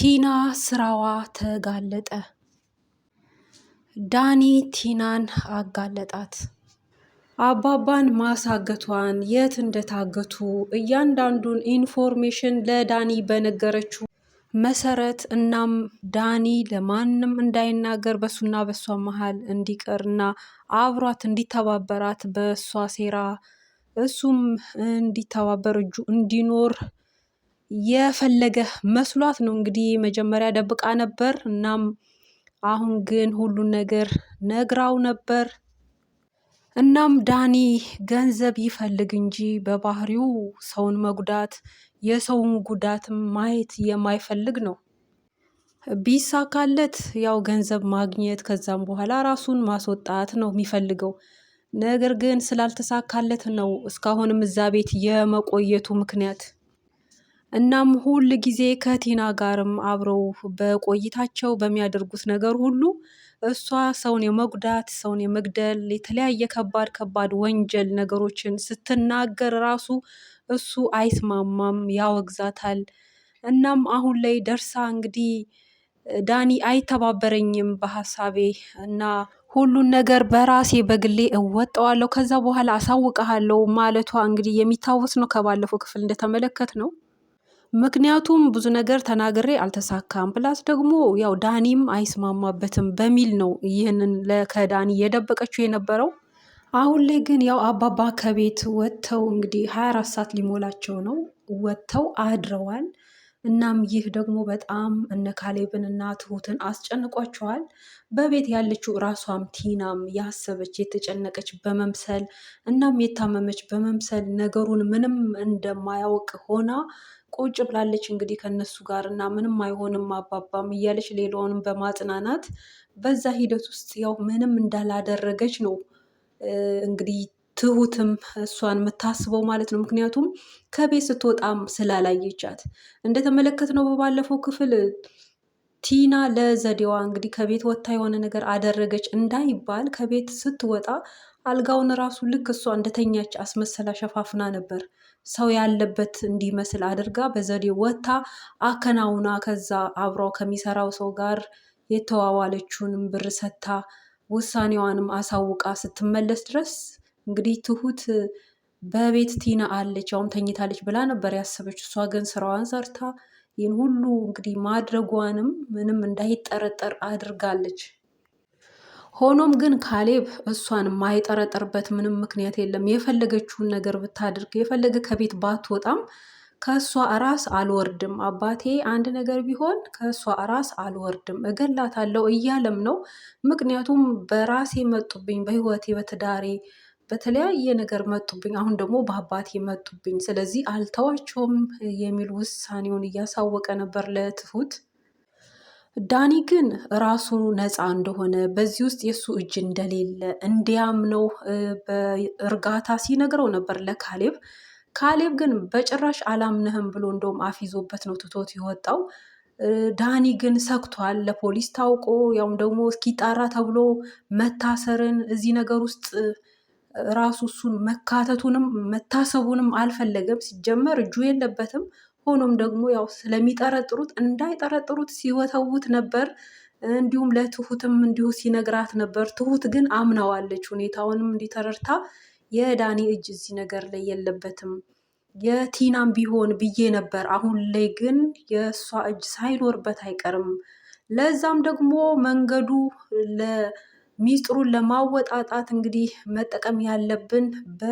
ቲና ስራዋ ተጋለጠ። ዳኒ ቲናን አጋለጣት። አባባን ማሳገቷን፣ የት እንደታገቱ እያንዳንዱን ኢንፎርሜሽን ለዳኒ በነገረችው መሰረት እናም ዳኒ ለማንም እንዳይናገር በሱና በሷ መሀል እንዲቀርና አብሯት እንዲተባበራት በእሷ ሴራ እሱም እንዲተባበር እጁ እንዲኖር የፈለገ መስሏት ነው እንግዲህ መጀመሪያ ደብቃ ነበር። እናም አሁን ግን ሁሉን ነገር ነግራው ነበር። እናም ዳኒ ገንዘብ ይፈልግ እንጂ በባህሪው ሰውን መጉዳት የሰውን ጉዳት ማየት የማይፈልግ ነው። ቢሳካለት ያው ገንዘብ ማግኘት ከዛም በኋላ ራሱን ማስወጣት ነው የሚፈልገው። ነገር ግን ስላልተሳካለት ነው እስካሁንም እዛ ቤት የመቆየቱ ምክንያት። እናም ሁል ጊዜ ከቲና ጋርም አብረው በቆይታቸው በሚያደርጉት ነገር ሁሉ እሷ ሰውን የመጉዳት ሰውን የመግደል የተለያየ ከባድ ከባድ ወንጀል ነገሮችን ስትናገር ራሱ እሱ አይስማማም፣ ያወግዛታል። እናም አሁን ላይ ደርሳ እንግዲህ ዳኒ አይተባበረኝም በሀሳቤ እና ሁሉን ነገር በራሴ በግሌ እወጠዋለሁ፣ ከዛ በኋላ አሳውቀሃለሁ ማለቷ እንግዲህ የሚታወስ ነው። ከባለፈው ክፍል እንደተመለከት ነው። ምክንያቱም ብዙ ነገር ተናግሬ አልተሳካም፣ ፕላስ ደግሞ ያው ዳኒም አይስማማበትም በሚል ነው ይህንን ከዳኒ እየደበቀችው የነበረው። አሁን ላይ ግን ያው አባባ ከቤት ወጥተው እንግዲህ 24 አራት ሰዓት ሊሞላቸው ነው ወጥተው አድረዋል። እናም ይህ ደግሞ በጣም እነ ካሌብን እና ትሁትን አስጨንቋቸዋል። በቤት ያለችው ራሷም ቲናም ያሰበች የተጨነቀች በመምሰል እናም የታመመች በመምሰል ነገሩን ምንም እንደማያውቅ ሆና ቁጭ ብላለች እንግዲህ ከነሱ ጋር እና ምንም አይሆንም አባባም እያለች ሌላውንም በማጽናናት በዛ ሂደት ውስጥ ያው ምንም እንዳላደረገች ነው እንግዲህ ትሁትም እሷን የምታስበው ማለት ነው። ምክንያቱም ከቤት ስትወጣም ስላላየቻት እንደተመለከትነው በባለፈው ክፍል ቲና ለዘዴዋ እንግዲህ ከቤት ወጥታ የሆነ ነገር አደረገች እንዳይባል ከቤት ስትወጣ አልጋውን ራሱ ልክ እሷ እንደተኛች አስመሰላ ሸፋፍና ነበር። ሰው ያለበት እንዲመስል አድርጋ በዘዴ ወታ አከናውና ከዛ አብሮ ከሚሰራው ሰው ጋር የተዋዋለችውንም ብር ሰታ ውሳኔዋንም አሳውቃ ስትመለስ ድረስ እንግዲህ ትሁት በቤት ቲና አለች ያውም ተኝታለች ብላ ነበር ያሰበች። እሷ ግን ስራዋን ሰርታ ይህን ሁሉ እንግዲህ ማድረጓንም ምንም እንዳይጠረጠር አድርጋለች። ሆኖም ግን ካሌብ እሷን የማይጠረጠርበት ምንም ምክንያት የለም። የፈለገችውን ነገር ብታድርግ፣ የፈለገ ከቤት ባትወጣም ከእሷ ራስ አልወርድም፣ አባቴ አንድ ነገር ቢሆን ከእሷ ራስ አልወርድም፣ እገላታለሁ እያለም ነው። ምክንያቱም በራሴ መጡብኝ፣ በህይወቴ፣ በትዳሬ በተለያየ ነገር መጡብኝ፣ አሁን ደግሞ በአባቴ መጡብኝ፣ ስለዚህ አልተዋቸውም የሚል ውሳኔውን እያሳወቀ ነበር ለትሁት። ዳኒ ግን ራሱ ነፃ እንደሆነ በዚህ ውስጥ የእሱ እጅ እንደሌለ እንዲያምነው በእርጋታ ሲነግረው ነበር ለካሌብ። ካሌብ ግን በጭራሽ አላምነህም ብሎ እንደውም አፊዞበት ነው ትቶት የወጣው። ዳኒ ግን ሰግቷል። ለፖሊስ ታውቆ ያውም ደግሞ እስኪጣራ ተብሎ መታሰርን እዚህ ነገር ውስጥ ራሱ እሱን መካተቱንም መታሰቡንም አልፈለገም። ሲጀመር እጁ የለበትም። ሆኖም ደግሞ ያው ስለሚጠረጥሩት እንዳይጠረጥሩት ሲወተውት ነበር። እንዲሁም ለትሁትም እንዲሁ ሲነግራት ነበር። ትሁት ግን አምናዋለች። ሁኔታውንም እንዲተረርታ የዳኒ እጅ እዚህ ነገር ላይ የለበትም የቲናም ቢሆን ብዬ ነበር። አሁን ላይ ግን የእሷ እጅ ሳይኖርበት አይቀርም። ለዛም ደግሞ መንገዱ ለሚስጥሩን ለማወጣጣት እንግዲህ መጠቀም ያለብን በ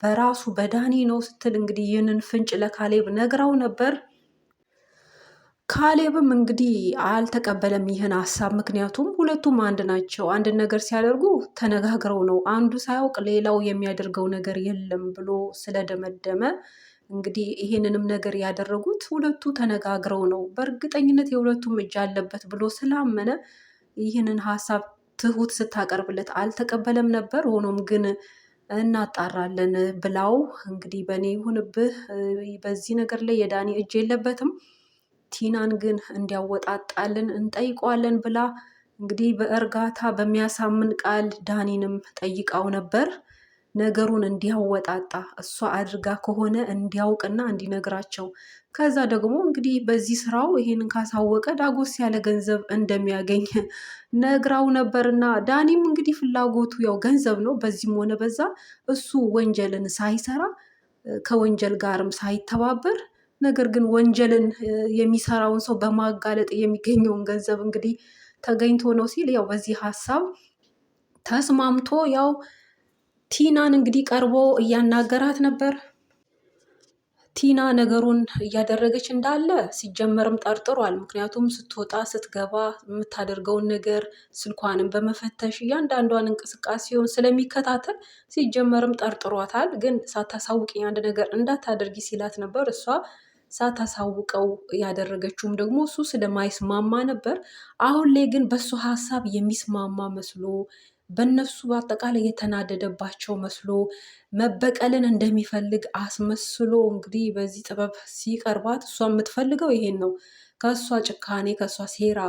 በራሱ በዳኒ ነው ስትል እንግዲህ ይህንን ፍንጭ ለካሌብ ነግራው ነበር። ካሌብም እንግዲህ አልተቀበለም ይህን ሀሳብ። ምክንያቱም ሁለቱም አንድ ናቸው። አንድን ነገር ሲያደርጉ ተነጋግረው ነው፣ አንዱ ሳያውቅ ሌላው የሚያደርገው ነገር የለም ብሎ ስለደመደመ እንግዲህ ይሄንንም ነገር ያደረጉት ሁለቱ ተነጋግረው ነው፣ በእርግጠኝነት የሁለቱም እጅ አለበት ብሎ ስላመነ ይህንን ሀሳብ ትሁት ስታቀርብለት አልተቀበለም ነበር። ሆኖም ግን እናጣራለን ብላው እንግዲህ በእኔ ይሁንብህ በዚህ ነገር ላይ የዳኒ እጅ የለበትም ቲናን ግን እንዲያወጣጣልን እንጠይቀዋለን ብላ እንግዲህ በእርጋታ በሚያሳምን ቃል ዳኒንም ጠይቃው ነበር። ነገሩን እንዲያወጣጣ እሷ አድርጋ ከሆነ እንዲያውቅና እንዲነግራቸው ከዛ ደግሞ እንግዲህ በዚህ ስራው ይሄንን ካሳወቀ ዳጎስ ያለ ገንዘብ እንደሚያገኝ ነግራው ነበርና ዳኒም እንግዲህ ፍላጎቱ ያው ገንዘብ ነው። በዚህም ሆነ በዛ እሱ ወንጀልን ሳይሰራ ከወንጀል ጋርም ሳይተባበር ነገር ግን ወንጀልን የሚሰራውን ሰው በማጋለጥ የሚገኘውን ገንዘብ እንግዲህ ተገኝቶ ነው ሲል ያው በዚህ ሀሳብ ተስማምቶ ያው ቲናን እንግዲህ ቀርቦ እያናገራት ነበር። ቲና ነገሩን እያደረገች እንዳለ ሲጀመርም ጠርጥሯል። ምክንያቱም ስትወጣ ስትገባ የምታደርገውን ነገር ስልኳንም በመፈተሽ እያንዳንዷን እንቅስቃሴውን ስለሚከታተል ሲጀመርም ጠርጥሯታል። ግን ሳታሳውቅኝ አንድ ነገር እንዳታደርጊ ሲላት ነበር። እሷ ሳታሳውቀው ያደረገችውም ደግሞ እሱ ስለማይስማማ ነበር። አሁን ላይ ግን በእሱ ሀሳብ የሚስማማ መስሎ በእነሱ በአጠቃላይ የተናደደባቸው መስሎ መበቀልን እንደሚፈልግ አስመስሎ እንግዲህ በዚህ ጥበብ ሲቀርባት እሷ የምትፈልገው ይሄን ነው። ከእሷ ጭካኔ፣ ከእሷ ሴራ፣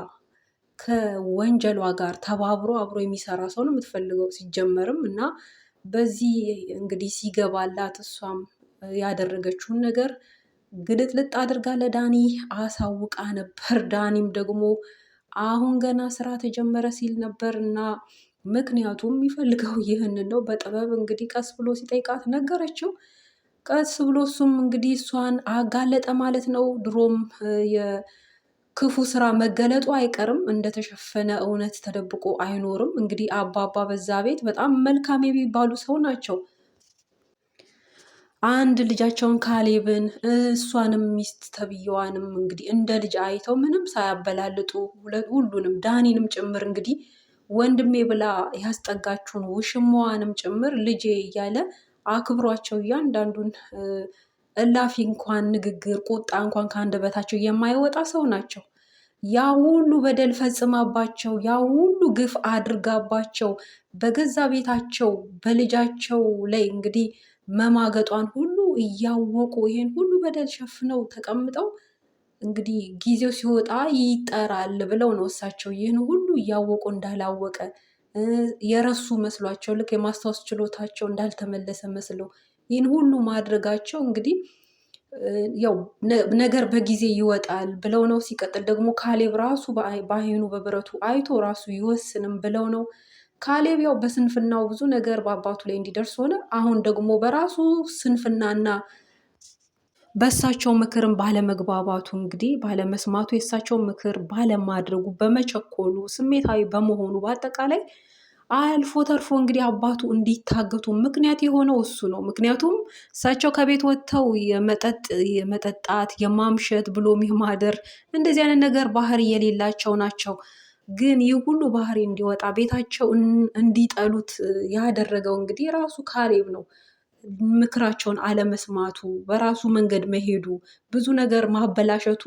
ከወንጀሏ ጋር ተባብሮ አብሮ የሚሰራ ሰው ነው የምትፈልገው ሲጀመርም እና በዚህ እንግዲህ ሲገባላት እሷም ያደረገችውን ነገር ግልጥልጥ አድርጋ ለዳኒ አሳውቃ ነበር። ዳኒም ደግሞ አሁን ገና ስራ ተጀመረ ሲል ነበር እና ምክንያቱም የሚፈልገው ይህንን ነው። በጥበብ እንግዲህ ቀስ ብሎ ሲጠይቃት ነገረችው። ቀስ ብሎ እሱም እንግዲህ እሷን አጋለጠ ማለት ነው። ድሮም የክፉ ስራ መገለጡ አይቀርም፣ እንደተሸፈነ እውነት ተደብቆ አይኖርም። እንግዲህ አባባ በዛ ቤት በጣም መልካም የሚባሉ ሰው ናቸው። አንድ ልጃቸውን ካሌብን እሷንም ሚስት ተብዬዋንም እንግዲህ እንደ ልጅ አይተው ምንም ሳያበላልጡ ሁሉንም ዳኒንም ጭምር እንግዲህ ወንድሜ ብላ ያስጠጋችውን ውሽማዋንም ጭምር ልጄ እያለ አክብሯቸው እያንዳንዱን እላፊ እንኳን ንግግር ቁጣ እንኳን ከአንደበታቸው የማይወጣ ሰው ናቸው። ያ ሁሉ በደል ፈጽማባቸው ያ ሁሉ ግፍ አድርጋባቸው በገዛ ቤታቸው በልጃቸው ላይ እንግዲህ መማገጧን ሁሉ እያወቁ ይሄን ሁሉ በደል ሸፍነው ተቀምጠው እንግዲህ ጊዜው ሲወጣ ይጠራል ብለው ነው እሳቸው ይህን ሁሉ እያወቁ እንዳላወቀ የረሱ መስሏቸው ልክ የማስታወስ ችሎታቸው እንዳልተመለሰ መስለው ይህን ሁሉ ማድረጋቸው እንግዲህ ያው ነገር በጊዜ ይወጣል ብለው ነው። ሲቀጥል ደግሞ ካሌብ ራሱ በአይኑ በብረቱ አይቶ ራሱ ይወስንም ብለው ነው። ካሌብ ያው በስንፍናው ብዙ ነገር በአባቱ ላይ እንዲደርስ ሆነ። አሁን ደግሞ በራሱ ስንፍናና በእሳቸው ምክርም ባለመግባባቱ እንግዲህ ባለመስማቱ የእሳቸው ምክር ባለማድረጉ በመቸኮሉ ስሜታዊ በመሆኑ በአጠቃላይ አልፎ ተርፎ እንግዲህ አባቱ እንዲታገቱ ምክንያት የሆነው እሱ ነው። ምክንያቱም እሳቸው ከቤት ወጥተው የመጠጥ የመጠጣት የማምሸት ብሎም የማደር እንደዚህ አይነት ነገር ባህሪ የሌላቸው ናቸው። ግን ይህ ሁሉ ባህሪ እንዲወጣ ቤታቸው እንዲጠሉት ያደረገው እንግዲህ ራሱ ካሌብ ነው። ምክራቸውን አለመስማቱ፣ በራሱ መንገድ መሄዱ፣ ብዙ ነገር ማበላሸቱ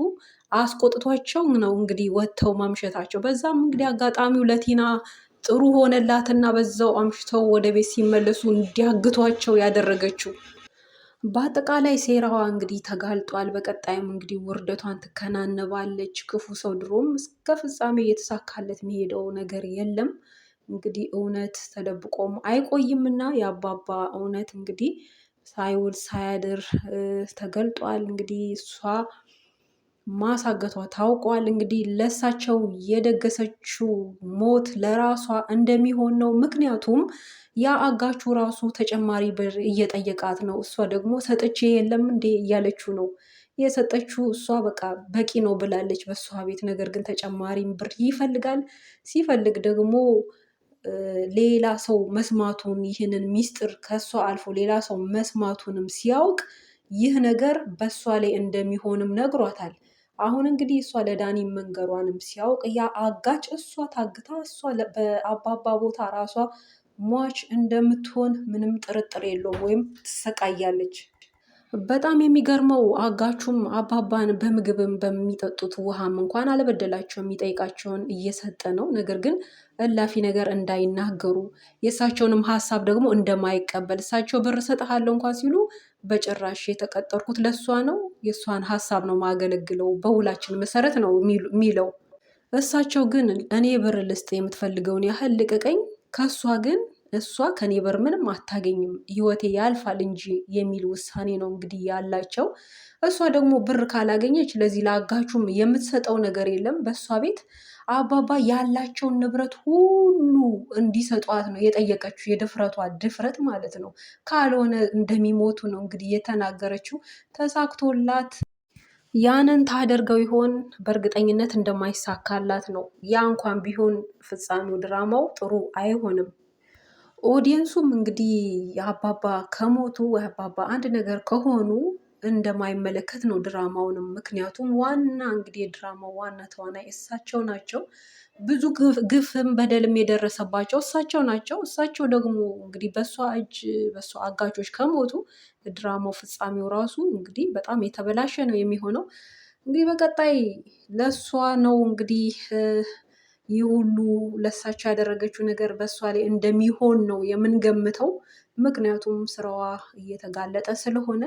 አስቆጥቷቸው ነው እንግዲህ ወጥተው ማምሸታቸው። በዛም እንግዲህ አጋጣሚው ለቲና ጥሩ ሆነላትና በዛው አምሽተው ወደ ቤት ሲመለሱ እንዲያግቷቸው ያደረገችው። በአጠቃላይ ሴራዋ እንግዲህ ተጋልጧል። በቀጣይም እንግዲህ ውርደቷን ትከናነባለች። ክፉ ሰው ድሮም እስከ ፍጻሜ እየተሳካለት የሚሄደው ነገር የለም። እንግዲህ እውነት ተደብቆም አይቆይምና የአባባ እውነት እንግዲህ ሳይውል ሳያድር ተገልጧል። እንግዲህ እሷ ማሳገቷ ታውቋል። እንግዲህ ለሳቸው የደገሰችው ሞት ለራሷ እንደሚሆን ነው። ምክንያቱም ያ አጋቹ ራሱ ተጨማሪ ብር እየጠየቃት ነው። እሷ ደግሞ ሰጥቼ የለም እንዴ እያለችው ነው የሰጠችው። እሷ በቃ በቂ ነው ብላለች በእሷ ቤት። ነገር ግን ተጨማሪም ብር ይፈልጋል። ሲፈልግ ደግሞ ሌላ ሰው መስማቱን ይህንን ሚስጥር ከሷ አልፎ ሌላ ሰው መስማቱንም ሲያውቅ ይህ ነገር በእሷ ላይ እንደሚሆንም ነግሯታል። አሁን እንግዲህ እሷ ለዳኒ መንገሯንም ሲያውቅ ያ አጋች እሷ ታግታ እሷ በአባባ ቦታ ራሷ ሟች እንደምትሆን ምንም ጥርጥር የለውም፣ ወይም ትሰቃያለች። በጣም የሚገርመው አጋቹም አባባን በምግብም በሚጠጡት ውሃም እንኳን አለበደላቸው የሚጠይቃቸውን እየሰጠ ነው። ነገር ግን እላፊ ነገር እንዳይናገሩ የእሳቸውንም ሀሳብ ደግሞ እንደማይቀበል እሳቸው ብር እሰጥሃለሁ እንኳን ሲሉ በጭራሽ የተቀጠርኩት ለእሷ ነው፣ የእሷን ሀሳብ ነው ማገለግለው፣ በውላችን መሰረት ነው የሚለው። እሳቸው ግን እኔ ብር ልስጥ የምትፈልገውን ያህል ልቀቀኝ፣ ከእሷ ግን እሷ ከኔ ብር ምንም አታገኝም ህይወቴ ያልፋል እንጂ የሚል ውሳኔ ነው እንግዲህ ያላቸው። እሷ ደግሞ ብር ካላገኘች ለዚህ ለአጋቹም የምትሰጠው ነገር የለም። በእሷ ቤት አባባ ያላቸውን ንብረት ሁሉ እንዲሰጧት ነው የጠየቀችው። የድፍረቷ ድፍረት ማለት ነው። ካልሆነ እንደሚሞቱ ነው እንግዲህ የተናገረችው። ተሳክቶላት ያንን ታደርገው ይሆን? በእርግጠኝነት እንደማይሳካላት ነው። ያ እንኳን ቢሆን ፍጻሜው ድራማው ጥሩ አይሆንም። ኦዲየንሱም እንግዲህ አባባ ከሞቱ ወይ አባባ አንድ ነገር ከሆኑ እንደማይመለከት ነው ድራማውንም። ምክንያቱም ዋና እንግዲህ የድራማው ዋና ተዋናይ እሳቸው ናቸው። ብዙ ግፍም በደልም የደረሰባቸው እሳቸው ናቸው። እሳቸው ደግሞ እንግዲህ በእሷ እጅ በእሷ አጋቾች ከሞቱ ድራማው ፍጻሜው ራሱ እንግዲህ በጣም የተበላሸ ነው የሚሆነው። እንግዲህ በቀጣይ ለእሷ ነው እንግዲህ ይህ ሁሉ ለሳቸው ያደረገችው ነገር በእሷ ላይ እንደሚሆን ነው የምንገምተው። ምክንያቱም ስራዋ እየተጋለጠ ስለሆነ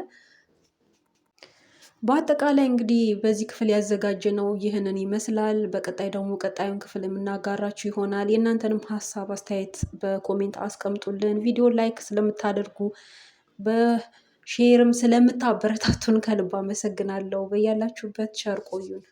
በአጠቃላይ እንግዲህ በዚህ ክፍል ያዘጋጀ ነው ይህንን ይመስላል። በቀጣይ ደግሞ ቀጣዩን ክፍል የምናጋራችሁ ይሆናል። የእናንተንም ሀሳብ አስተያየት በኮሜንት አስቀምጡልን። ቪዲዮ ላይክ ስለምታደርጉ በሼርም ስለምታበረታቱን ከልብ አመሰግናለሁ። በያላችሁበት ቸር ቆዩን።